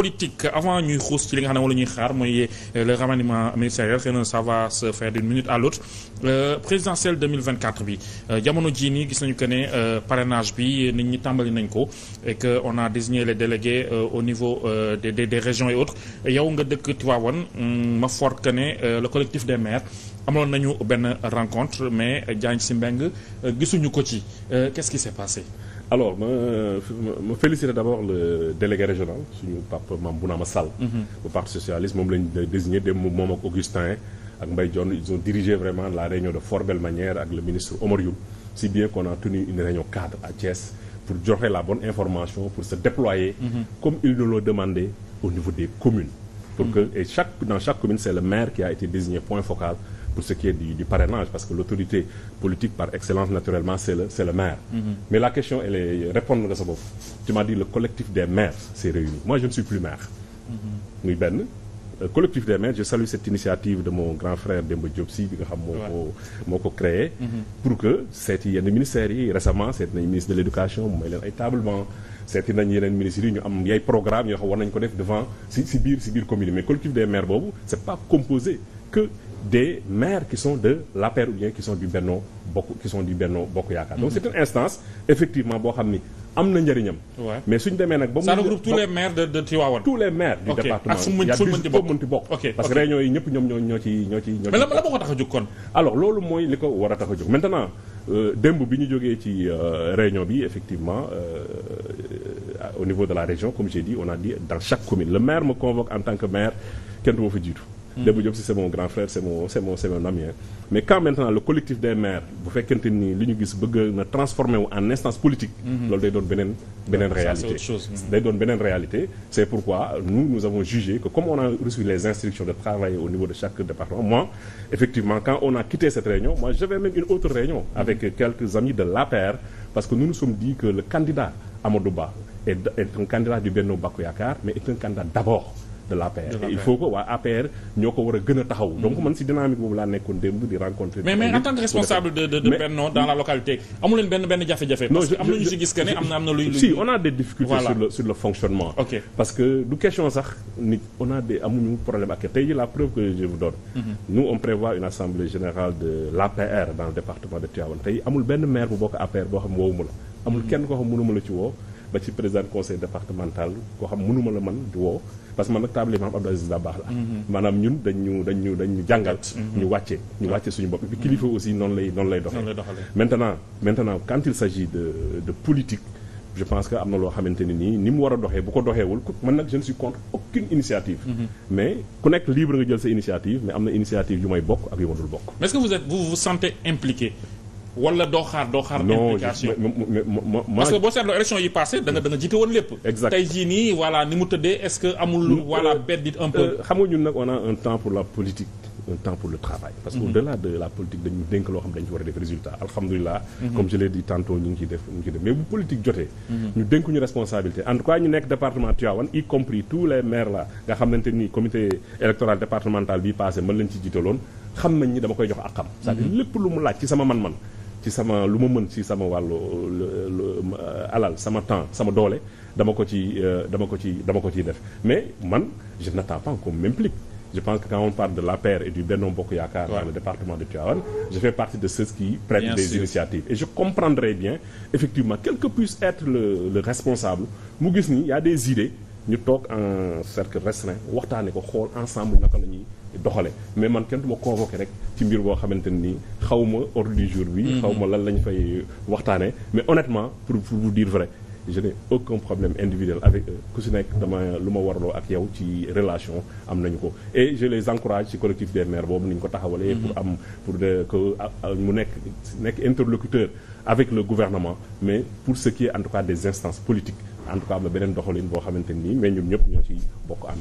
politique avant ñuy xuus ci li nga xam ne wala ñuy xaar mooy euh, le remaniement ministériel xëy na ça va se faire d'une minute à l'autre euh, présidentielle bi euh, jamono jii nii gis nañu que ne parrainage bi nit ñi tàmbali nañ ko et que on a désigné les délégués au niveau des des régions et autres yow nga dëkk Tivaouane mm, ma fort que ne le collectif des maires amoon nañu benn rencontre mais Diagne si Mbengue euh, gisuñu ko ci euh, qu'est-ce qui s'est passé alors ma ma féliciter d'abord le délégué régional suñu papa maam Bounama Sall bu mhm. parti socialiste moom lañ désigné dem moom ak Augustin ak Mbaye Dione ils ont dirigé la réunion de fort belle manière ak le ministre Oumar Youm si bien qu'on a tenu une réunion cadre à Thiès pour joxe la bonne information pour se déployer mm -hmm. comme ils nous l'ont demandé au niveau des communes pour mm -hmm. que et chaque dans chaque focal pour ce qui est du, du parrainage parce que l'autorité politique par excellence naturellement c'est le c'est le maire mm -hmm. mais la question elle répondre nga sa bopp tu m'as dit le collectif des maires s'est réuni moi je ne suis plus maire mm-hmm. muy benn euh, collectif des maires je salue cette initiative de mon grand frère Demba Diop bi nga xam moo ko moo mm-hmm. pour que seeti yenn ministères yi récemment seeti nañ ministre de l'éducation mu may leen ay tablement yi nañ des maires qui de l'APR ou bien qui sont du Benno Bokk qui sont du Bokk Yaakaar. donc c'est une instance effectivement boo xam ni am na njëriñam. mais suñ demee nag. ba mu ça tous les maires de de Tivaouane. tous les maires a dix mënti bokk. parce que réunions yi ñëpp ñoom ñoo ñoo ci ñoo ko tax a jóg kon. alors loolu mooy li ko war a tax a jóg maintenant euh, démb bi ñu jógee ci euh, réunion bi effectivement euh, au niveau de la région comme j'ai dit on a dit dans chaque commune le maire me convoque en tant que maire kenn Mm-hmm. Demba Diop c'est mon grand frère c'est mon c'est mais quand maintenant le collectif des maires bu fekkente ni li ñu gis bëgg na transformer en instance politique mm-hmm. loolu day doon beneen beneen mm-hmm. c'est pourquoi nous avons jugé que comme on a reçu les instructions de travailler au niveau de chaque département moi effectivement quand on a quitté cette réunion j'avais même une autre réunion avec quelques amis de l'APR parce de l'APR il faut que waa APR ñoo a gën a taxaw donc man si dynamique boobu laa nekkoon démb di rencontrer mais en tant que responsable de de Benno la a des difficultés sur le sur le fonctionnement la preuve que je vous donne mhm. nous une assemblée générale de l'APR dans le département de tey amul benn maire bu bokk APR boo xam woowu ma la amul mhm. kenn koo xam mënuma la ci woo ba ci président conseil départemental koo xam mënuma la man di woo parce que man nag table maam Abdou baax la mhm. maanaam ñun dañu dañu dañu jàngal mhm. ñu wàcce ñu wàcce suñu bopp et mhm. puis kilifa aussi noonu lay noonu lay doxale maintenant maintenant quand il de politique je pense que am na loo xamante ni nii ni mu war a doxee bu ko doxeewul man nag je ne suis initiative mais ku nekk libre nga jël sa initiative mais am na initiative yu may bokk ak wala doo xaar doo xaar. implication parce que boo seetloo élection yi passé da nga da nga jiite woon lépp. exact tey jii nii voilà ni mu tëddee est-ce que amul. voilà euh, beddit un peu. Euh, xam nga ñun nag on a un temps pour la politique. un temps pour le travail parce que mhm. au-delà de la politique dañu dénk loo xam dañu ci war a def résultat alhamdulilah mhm. comme je l'ai dit tantôt ñu ngi ciy def ñu ngi ciy def mais bu politique jotee mhm. ñu dénk ñu responsabilité en tout cas ñu nekk département Tivaouane y compris tous les maires là nga xamante ni comité électoral départemental bi passé mën leen ci jiitaloon xam nañ ni dama koy jox ak xam c'est-à-dire lépp lu mu laaj ci sama man-man ci sama lu ma mën ci sama wàllu alal sama temps sama doole dama ko ci euh, dama ko ci dama ko ci def mais man je n'attends pas qu'on m'implique je pense que quand on parle de l'APR et du Benno Bokk Yaakaar dans département de Tivaouane je fais partie de ceux qui prennent bien des initiatives et je comprendrais bien effectivement quel que puisse être le, le responsable mu gis ni y des idées ñu toog en cercle restreint waxtaane ko xool ensemble naka la ñuy doxale mais man kenn du ma rek ci mbir boo xamante nii xaw ma ordre du jour bi mm-hmm. xaw ma lan lañ fay waxtaanee mais honnêtement pour pour vous dire vrai je n'ai aucun problème individuel avec eux ku si nekk dama lu ma warloo ak yow ci relation am nañu ko et je les encourage ci collectif des maires boobu nañu ko taxawalee pour mm-hmm. am pour mu nekk nekk interlocuteur avec le gouvernement mais pour ce qui est en tout cas des instances politiques en tout cas am na beneen doxalin boo bokk am